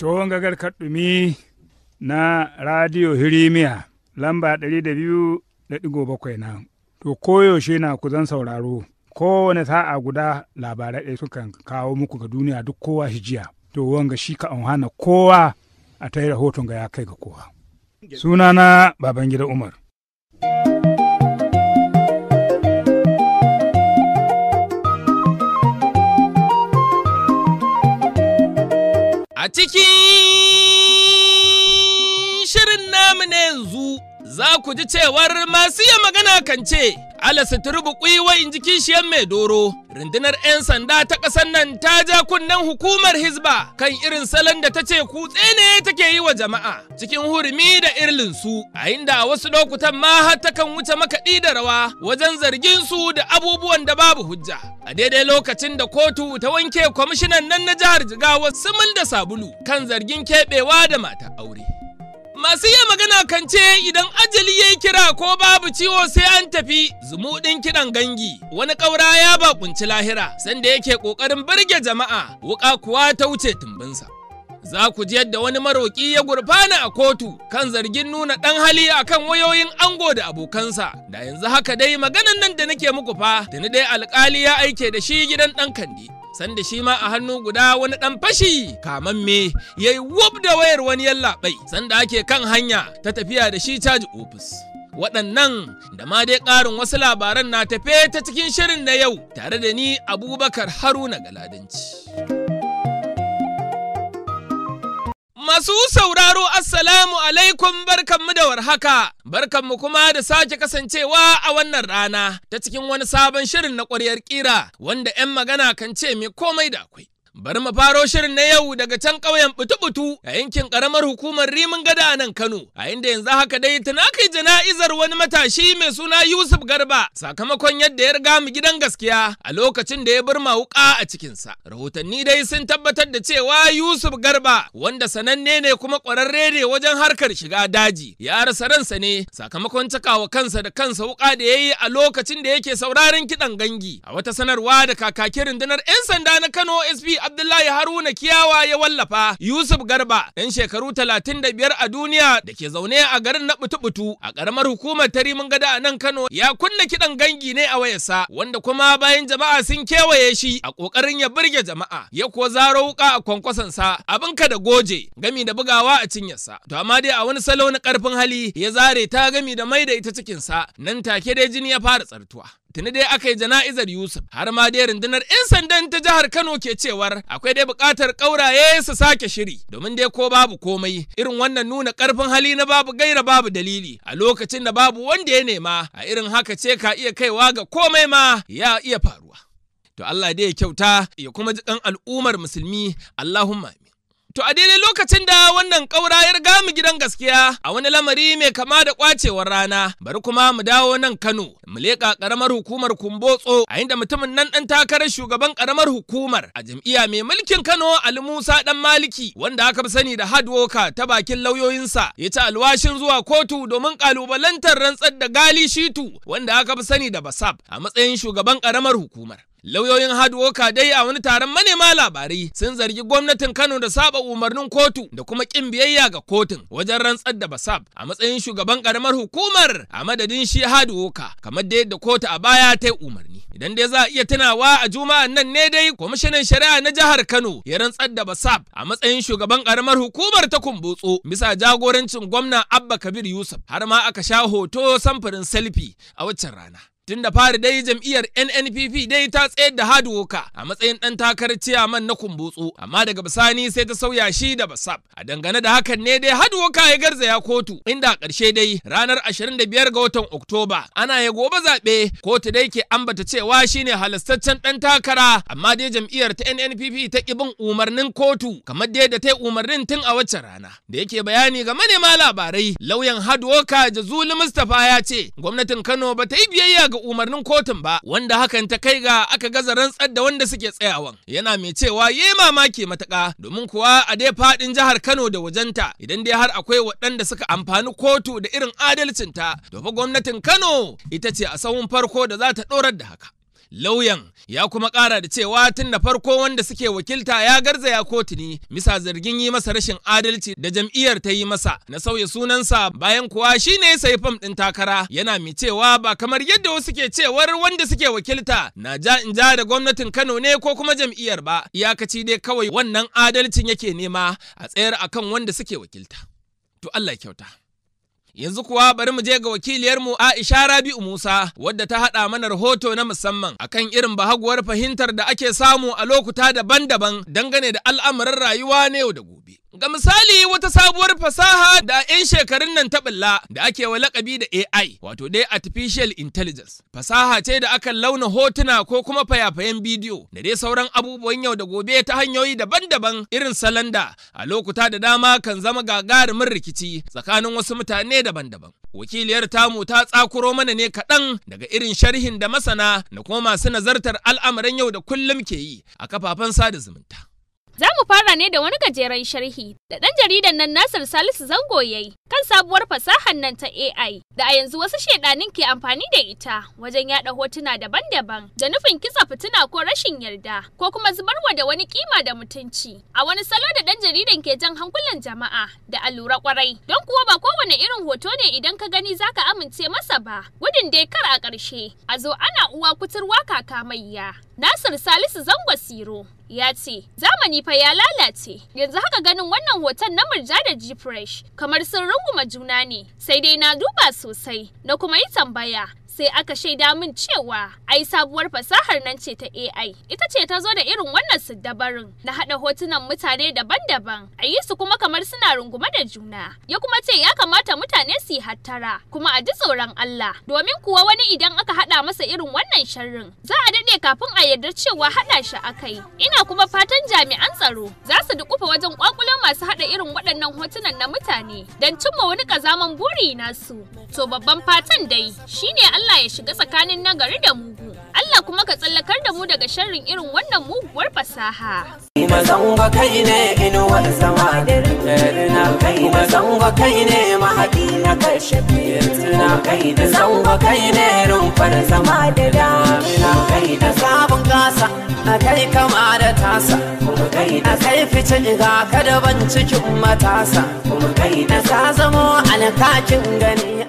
To gagar kaɗumi na radio hirimiya lamba 200.7 na to koyaushe na ku zan sauraro kowane sa'a guda labarai ɗaya sukan kawo muku ga duniya duk kowa shi jiya to wanga shi ka hana kowa a ta yi rahoton ga ya kai ga kowa sunana babangida umar A cikin shirin namu na yanzu za ku ji cewar masu yin magana kan ce, ala suturubu kuiwa in shi kishiyar mai doro rundunar 'yan sanda ta ƙasar nan ta ja kunnen hukumar hizba kan irin salon da ta ce kutse ne take yi wa jama'a cikin hurumi da irlin su a inda wasu lokutan ma har ta kan wuce makaɗi da rawa wajen zargin su da abubuwan da babu hujja a daidai lokacin da kotu ta wanke kwamishinan nan na jihar jigawa sumul da sabulu kan zargin keɓewa da mata aure Masu iya magana kan ce idan ajali ya yi kira ko babu ciwo sai an tafi zumuɗin kiɗan gangi. Wani ƙaura ya bakunci lahira, sanda yake ƙoƙarin birge jama'a, wuƙa kuwa ta wuce tumbinsa. Za ku ji yadda wani maroƙi ya gurfana a kotu kan zargin nuna ɗan hali a kan wayoyin ango da abokansa. Da yanzu haka dai maganan nan da nake muku fa, da ni dai alƙali ya aike da shi gidan ɗan kandi. sanda shi ma a hannu guda wani ɗan fashi me ya yi wub da wayar wani yallaɓai sanda ake kan hanya ta tafiya da shi caji ofis. Waɗannan da ma dai ƙarin wasu labaran na tafe ta cikin shirin na yau tare da ni Abubakar Haruna Galadanci. masu sauraro assalamu alaikum mu da warhaka barkanmu kuma da sake kasancewa a wannan rana ta cikin wani sabon shirin na ƙwaryar ƙira wanda 'yan magana kan ce mai komai da akwai Bari mu faro shirin na yau daga can ƙauyen butu-butu a yankin ƙaramar hukumar Rimin Gada a nan Kano, a inda yanzu haka dai tana kai jana'izar wani matashi mai suna Yusuf Garba sakamakon yadda ya riga mu gidan gaskiya a lokacin da ya ma wuƙa a cikinsa. Rahotanni dai sun tabbatar da cewa Yusuf Garba wanda sananne ne kuma ƙwararre ne wajen harkar shiga daji ya rasa ransa ne sakamakon cakawa kansa da kansa wuka da ya yi a lokacin da yake sauraron kiɗan gangi a wata sanarwa da kakakin rundunar 'yan sanda na Kano SP Abdullahi Haruna Kiyawa ya wallafa Yusuf Garba ɗan shekaru talatin da biyar a duniya da ke zaune a garin na butu-butu a ƙaramar hukumar tarimin gada a nan Kano ya kunna kiɗan gangi ne a wayarsa wanda kuma bayan jama'a sun kewaye shi a ƙoƙarin ya burge jama'a ya ko zaro wuka a kwankwasansa abinka da goje gami da bugawa a cinyarsa to amma dai a wani salo na ƙarfin hali ya zare ta gami da mai da ita cikinsa nan take dai jini ya fara tsartuwa Tuni dai aka yi jana'izar Yusuf, har ma dai rundunar 'yan sandan ta jihar Kano ke cewar akwai dai buƙatar ƙauraye su sake shiri, domin dai ko babu komai irin wannan nuna ƙarfin hali na babu gaira babu dalili a lokacin da babu wanda ya nema a irin haka ce ka iya kaiwa ga komai ma ya iya faruwa. To Allah dai ya kyauta ya kuma ji al'ummar musulmi Allahumma. To a daidai lokacin da wannan ƙaura ya riga mu gidan gaskiya a wani lamari mai kama da ƙwacewar rana bari kuma mu dawo nan Kano mu leƙa ƙaramar hukumar Kumbotso a inda mutumin nan ɗan takarar shugaban ƙaramar hukumar a jam'iyya mai mulkin Kano Ali Musa ɗan Maliki wanda aka fi sani da worker ta bakin lauyoyinsa ya ci alwashin zuwa kotu domin ƙalubalantar rantsar da Gali Shitu wanda aka fi sani da Basab a matsayin shugaban ƙaramar hukumar. Lauyoyin Hadwoka dai a wani taron manema labarai sun zargi gwamnatin Kano da saba umarnin kotu da kuma kin biyayya ga kotun wajen rantsar da Basab a matsayin shugaban karamar hukumar a madadin shi Hadwoka kamar da yadda kotu a baya ta yi umarni. Idan dai za a iya tunawa a juma'a nan ne dai kwamishinan shari'a na jihar Kano ya rantsar da Basab a matsayin shugaban karamar hukumar ta Kumbotso bisa jagorancin gwamna Abba Kabir Yusuf har ma aka sha hoto samfurin selfie a waccan rana. Tun da fari dai jam'iyyar NNPP dai ta tsayar da Hadwoka a matsayin ɗan takarar ciyaman na kumbutsu, amma daga bisani sai ta sauya shi da Basab. A dangane da hakan ne dai Hadwoka ya garzaya kotu, inda a ƙarshe dai ranar 25 ga watan Oktoba ana ya gobe zaɓe kotu dai ke ambata cewa shine halastaccen ɗan takara, amma dai jam'iyyar ta NNPP ta ƙi bin umarnin kotu kamar dai da ta yi umarnin tun a wacce rana. Da yake bayani ga manema labarai, lauyan Hadwoka Jazuli Mustapha ya ce gwamnatin Kano ba ta yi biyayya ga umarnin kotun ba wanda hakan ta kai ga aka gaza rantsar da wanda suke tsayawan yana mai cewa yi mamaki matuka domin kuwa a dai fadin jihar Kano da wajenta idan dai har akwai waɗanda suka amfani kotu da irin adalcinta to fa gwamnatin Kano ita ce a sahun farko da za ta ɗorar da haka. Lauyan ya kuma ƙara da cewa tun da farko wanda suke wakilta ya garzaya kotu ne bisa zargin yi masa rashin adalci da jam'iyyar ta yi masa na sauya sunansa bayan kuwa shi ne sai fam ɗin takara yana mai cewa ba kamar yadda wasu ke cewar wanda suke wakilta na ja in ja da gwamnatin Kano ne ko kuma jam'iyyar ba iyakaci dai kawai wannan adalcin yake nema a tsayar akan wanda suke wakilta. To Allah kyauta. Yanzu kuwa bari mu je ga wakiliyarmu Aisha Rabi'u Musa wadda ta haɗa mana rahoto na musamman akan irin bahaguwar fahimtar da ake samu a lokuta daban-daban dangane da al'amuran rayuwa na yau da gobe. Ga misali wata sabuwar fasaha da 'yan shekarun nan taɓilla da ake wa lakabi da AI, wato dai Artificial Intelligence. Fasaha ce da akan launa hotuna ko kuma fayafayen bidiyo da dai sauran abubuwan yau da gobe ta hanyoyi daban-daban irin salanda a lokuta da dama kan zama gagarumin rikici tsakanin wasu mutane daban-daban. Wakiliyar tamu ta tsakuro mana ne kaɗan daga irin sharhin da masana da kuma masu nazartar al'amuran yau da kullum ke yi a kafafen sada zumunta. Za mu fara ne da wani gajeren sharhi da ɗan jaridan nan Nasir Salisu Zango yayi kan sabuwar fasahar nan ta AI da a yanzu wasu shaidanin ke amfani da ita wajen yada hotuna daban-daban da nufin kisa fitina ko rashin yarda ko kuma zubarwa da wani kima da mutunci a wani salo da ɗan jaridan ke jan hankulan jama'a da lura kwarai don kuwa ba kowane irin hoto ne idan ka gani zaka amince masa ba gudun dai kar a ƙarshe a zo ana uwa kuturwa kaka mayya Nasir Salisu Zango Siro ya ce zamani fa ya lalace yanzu haka ganin wannan hoton na murja da g fresh kamar sun runguma juna ne sai dai na duba sosai na kuma yi tambaya sai aka shaida min cewa ai sabuwar fasahar nan ce ta AI ita ce ta zo da irin wannan siddabarin na haɗa hotunan mutane daban-daban a yi su kuma kamar suna runguma da juna ya kuma ce ya kamata mutane su yi hattara kuma a ji tsoron Allah domin kuwa wani idan aka haɗa masa irin wannan sharrin za a daɗe kafin a yarda cewa haɗa shi akai ina kuma fatan jami'an tsaro za su dukufa wajen kwakulan masu haɗa irin waɗannan hotunan na mutane don cimma wani kazaman buri nasu to babban fatan dai shine Allah ya shiga tsakanin nagari da mugu. Allah kuma ka tsallakar da mu daga sharrin irin wannan muguwar fasaha. Kuma zanga kai ne inuwar zama na kai kuma zanga kai ne mahaɗi na karshe tuna kai da zanga kai ne rumfar zama da damina kai da sabon gasa a kai kama da tasa kuma kai da kai fice ga kadaban cikin matasa kuma kai da ta zamo alkakin gani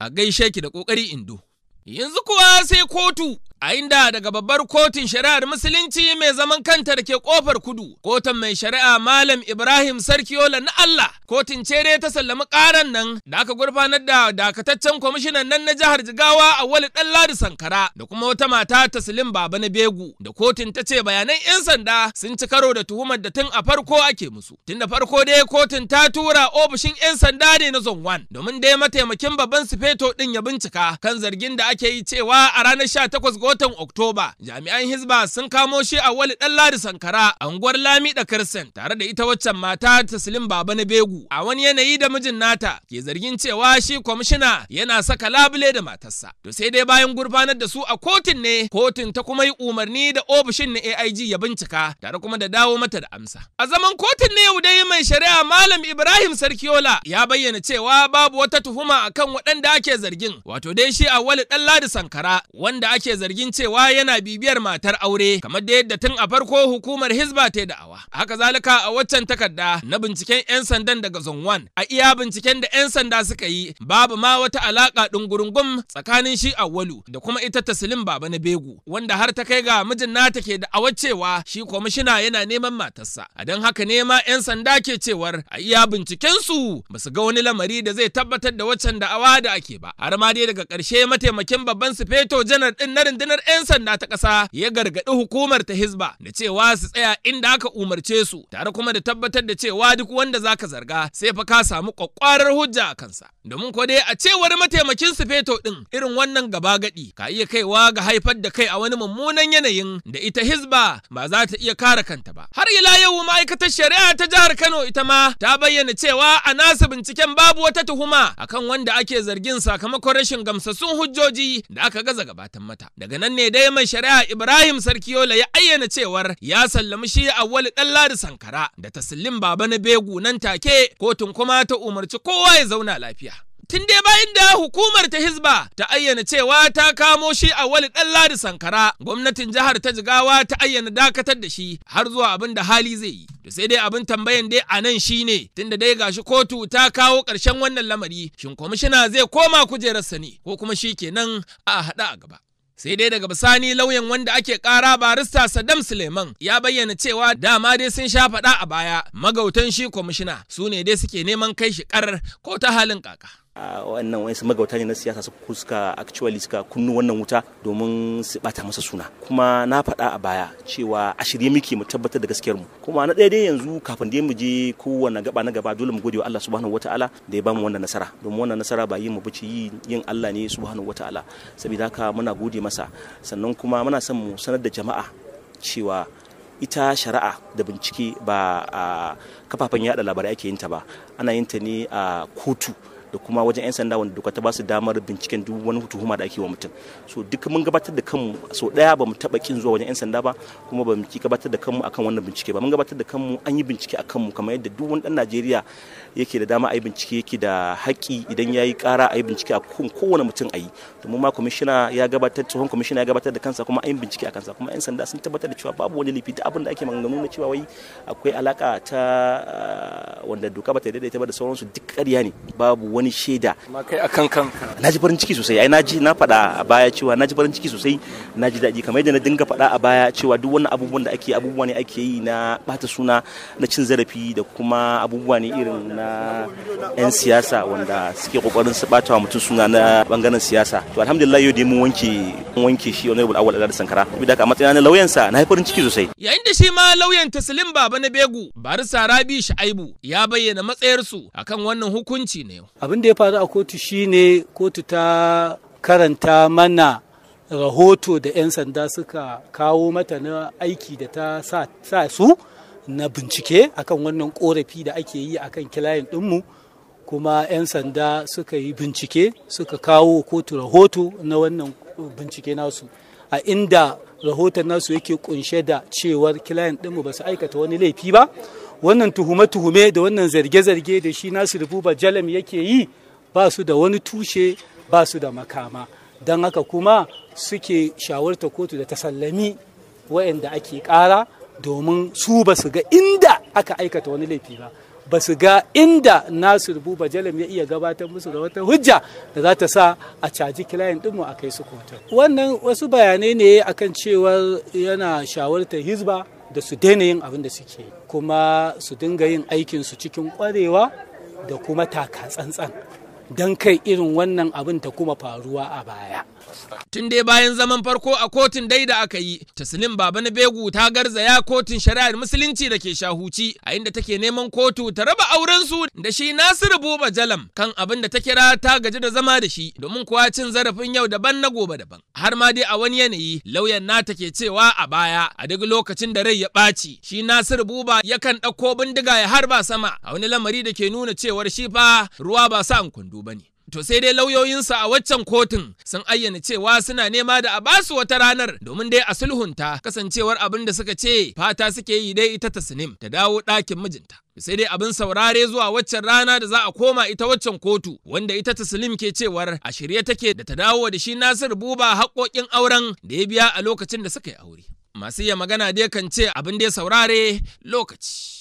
a gaishe ki da ƙoƙari indo. Yanzu kuwa sai kotu a inda daga babbar kotun shari'ar musulunci mai zaman kanta da ke kofar kudu kotun mai shari'a malam ibrahim sarkiola na allah kotun cere ta sallami karan nan da aka gurfanar da dakataccen kwamishinan nan na jihar jigawa a wali dan ladi sankara da kuma wata mata taslim baba na begu da kotun ta ce bayanan yan sanda sun ci karo da tuhumar da tun a farko ake musu tun da farko dai kotun ta tura ofishin yan sanda ne na zon wan domin dai mataimakin babban sufeto din ya bincika kan zargin da ake yi cewa a ranar 18 watan Oktoba, jami'an Hizba sun kamo shi a wali ɗan Ladi Sankara a unguwar Lami da Kirsten tare da ita waccan mata Taslim Baba na Begu. A wani yanayi da mijin nata ke zargin cewa shi kwamishina yana saka labule da matarsa. To sai dai bayan gurfanar da su a kotun ne, kotun ta kuma yi umarni da ofishin na AIG ya bincika tare kuma da dawo mata da amsa. A zaman kotun ne yau dai mai shari'a Malam Ibrahim Sarkiola ya bayyana cewa babu wata tuhuma akan waɗanda ake zargin, wato dai shi a wali ɗan Ladi Sankara wanda ake zargin zargin cewa yana bibiyar matar aure kamar da yadda tun a farko hukumar Hizba ta da'awa. Haka zalika a waccan takarda na binciken 'yan sandan daga Zone 1 a iya binciken da 'yan sanda suka yi babu ma wata alaka ɗungurungum tsakanin shi Awwalu da kuma ita Taslim Baba na Begu wanda har ta kai ga mijin nata ke da'awar cewa shi kwamishina yana neman matarsa. A don haka ne ma 'yan sanda ke cewar a iya binciken su ba su ga wani lamari da zai tabbatar da waccan da'awa da ake ba. Har ma dai daga karshe mataimakin babban sufeto janar ɗin na rundunar 'yan sanda ta ƙasa ya gargaɗi hukumar ta hizba da cewa su tsaya inda aka umarce su tare kuma da tabbatar da cewa duk wanda zaka zarga sai fa ka samu kwakwarar hujja a kansa domin ko dai a cewar mataimakin su feto din irin wannan gaba gadi ka iya kaiwa ga haifar da kai a wani mummunan yanayin da ita hizba ba za ta iya kare kanta ba har ila yau ma'aikatar shari'a ta jihar Kano ita ma ta bayyana cewa a nasu binciken babu wata tuhuma akan wanda ake zargin sakamakon rashin gamsassun hujjoji da aka gaza gabatan mata daga daga nan ne dai mai shari'a Ibrahim sarki Yola ya ayyana cewar ya sallami shi Awwal dan Ladi Sankara da taslim baba na Begu nan take kotun kuma ta umarci kowa ya zauna lafiya. tun dai bayan da hukumar ta hizba ta ayyana cewa ta kamo shi a wali ɗan ladi sankara gwamnatin jihar ta jigawa ta ayyana dakatar da shi har zuwa abin da hali zai yi to sai dai abin tambayan dai a nan shine da dai gashi kotu ta kawo ƙarshen wannan lamari shin kwamishina zai koma kujerarsa ne ko kuma shi kenan a haɗa a gaba sai dai daga bisani lauyan wanda ake kara barista Saddam Suleiman ya bayyana cewa dama dai sun sha faɗa a baya magautan shi kwamishina su ne dai suke neman kai shi karar ko ta halin kaka. wannan wani magauta ne na siyasa suka actually suka kunnu wannan wuta domin su bata masa suna kuma na faɗa a baya cewa a shirye muke mu tabbatar da gaskiyar mu kuma na ɗaya dai yanzu kafin da mu je kowanne gaba na gaba dole mu gode wa Allah subhanahu wataala da ya bamu wannan nasara domin wannan nasara ba yin mu bace yin Allah ne subhanahu wataala saboda haka muna gode masa sannan kuma muna son mu sanar da jama'a cewa ita shari'a da bincike ba a kafafen yaɗa labarai ake yin ta ba ana yin ta ne a kotu da kuma wajen 'yan sanda wanda doka ta ba su damar binciken duk wani tuhuma da ake wa mutum so duk mun gabatar da kanmu so daya ba mu taba kin zuwa wajen 'yan sanda ba kuma ba mu ki gabatar da kanmu akan wannan bincike ba mun gabatar da kanmu an yi bincike akan mu kamar yadda duk wani dan Najeriya yake da dama a yi bincike yake da haƙƙi idan yayi ƙara a yi bincike a kun kowane mutum a yi to mu ma kwamishina ya gabatar tsohon kwamishina ya gabatar da kansa kuma an yi bincike a kansa kuma 'yan sanda sun tabbatar da cewa babu wani laifi da abin da ake maganganu na cewa wai akwai alaka ta ah, wanda doka ba ta daidaita ba da sauransu duk ƙarya ne babu wani wani shaida kai kan kan. na ji farin ciki sosai ai na ji na faɗa a baya cewa na ji farin ciki sosai na ji daɗi kamar yadda na dinga faɗa a baya cewa duk wani abubuwan da ake abubuwa ne ake yi na bata suna na cin zarafi da kuma abubuwa ne irin na 'yan siyasa wanda suke kokarin su bata wa mutum suna na bangaren siyasa to alhamdulillah yau dai mun wanke mun wanke shi wani abu da sankara da ka matsayin na lauyan sa na farin ciki sosai yayin da shi ma lauyan taslim baba na begu barisa rabi shaibu ya bayyana matsayarsu akan wannan hukunci ne abin da ya faru a kotu shine kotu ta karanta mana rahoto da 'yan sanda suka kawo mata na aiki da ta sa su na bincike akan wannan korafi da ake yi akan kilayen ɗinmu kuma 'yan sanda suka yi bincike suka kawo kotu rahoto na wannan bincike nasu a inda rahoton nasu yake kunshe da cewar kilayen ɗinmu ba su aikata wani laifi ba wannan tuhume-tuhume da wannan zarge-zarge da shi nasiru buba jalam yake yi ba su da wani tushe ba su da makama don haka kuma suke shawarta kotu da ta sallami wayanda ake kara domin su ba su ga inda aka aikata wani laifi ba ba su ga inda nasiru buba jalam ya iya gabatar musu da wata hujja da za ta sa a caji kilayen ɗinmu a kai su kotu wannan wasu bayanai ne akan cewar yana shawartar hizba da su daina yin abin da suke kuma su dinga yin aikin su cikin kwarewa da kuma taka tsantsan don kai irin wannan abin ta kuma faruwa a baya. Tun dai bayan zaman farko a kotun dai da aka yi, Taslim Baba na Begu ta garzaya kotun shari'ar musulunci da ke shahuci, a inda take neman kotu ta raba aurensu da shi Nasiru Buba Jalam kan abin da ta kira ta gaji da zama da shi, domin kuwa cin zarafin yau daban na gobe daban. Har ma dai a wani yanayi, lauyan nata ke cewa a baya, a duk lokacin da rai ya ɓaci, shi Nasiru Buba yakan ɗauko bindiga ya harba sama a wani lamari da ke nuna cewar shi fa ruwa ba sa an kundu ba ne. To sai dai lauyoyinsa a waccan kotun sun ayyana cewa suna nema da a basu wata ranar domin dai a sulhunta kasancewar abin da suka ce fata suke yi dai ita ta sinim ta dawo ɗakin mijinta. sai dai abin saurare zuwa waccan rana da za a koma ita waccan kotu wanda ita ta taslim ke cewar a shirye take da ta dawo da shi nasir buba haƙoƙin auren da ya biya a lokacin da suka yi aure masu iya magana dai kan ce abin da ya saurare lokaci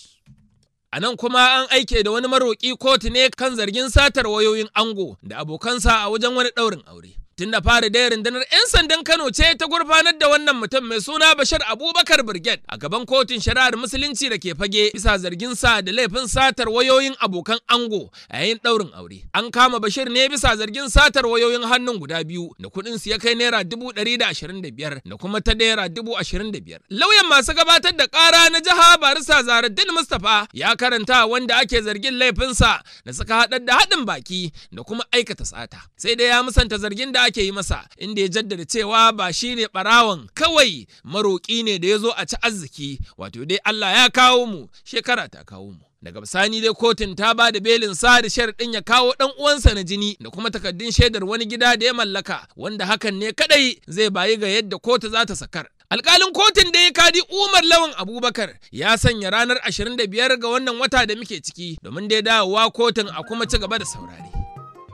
A nan kuma an aike da wani maroƙi kotu ne kan zargin satar wayoyin ango da abokansa a wajen wani ɗaurin aure. Tun da fara daya rundunar 'yan sandan Kano ce ta gurfanar da wannan mutum mai suna bashar Abubakar Birget a gaban kotun shari'ar musulunci da ke fage bisa zargin sa da laifin satar wayoyin abokan ango a yayin daurin aure. An kama Bashir ne bisa zargin satar wayoyin hannun guda biyu da kuɗin su ya kai naira dubu ɗari da ashirin da biyar da kuma ta naira dubu ashirin da biyar. Lauyan masu gabatar da ƙara na jiha Barisa Zaruddin Mustapha ya karanta wanda ake zargin laifinsa da suka haɗar da haɗin baki da kuma aikata sata. Sai dai ya musanta zargin da ake yi masa inda ya jaddada cewa ba shi ne ɓarawon kawai maroƙi ne da ya zo a ci arziki wato dai Allah ya kawo mu shekara ta kawo mu. daga bisani dai kotun ta ba da belin sa da sharaɗin ya kawo ɗan uwansa na jini da kuma takaddun shaidar wani gida da ya mallaka wanda hakan ne kadai zai bayi ga yadda kotu za ta sakar alƙalin kotun da ya kadi umar lawan abubakar ya sanya ranar 25 ga wannan wata da muke ciki domin dai dawowa kotun a kuma ci gaba da saurari.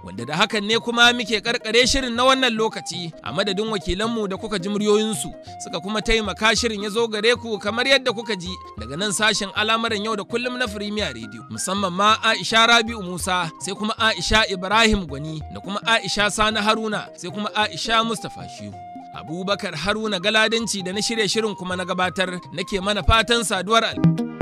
wanda da hakan ne kuma muke karkare shirin na wannan lokaci a madadin wakilanmu da kuka ji muryoyinsu suka kuma taimaka shirin ya zo gare ku kamar yadda kuka ji daga nan sashen al'amuran yau da kullum na Firimiya rediyo. musamman ma Aisha Rabi'u Musa sai kuma Aisha Ibrahim Gwani da kuma Aisha Sani Haruna sai kuma Aisha Mustapha Shehu. Abubakar Haruna galadanci da na shirye shirin kuma na gabatar nake mana fatan saduwar al.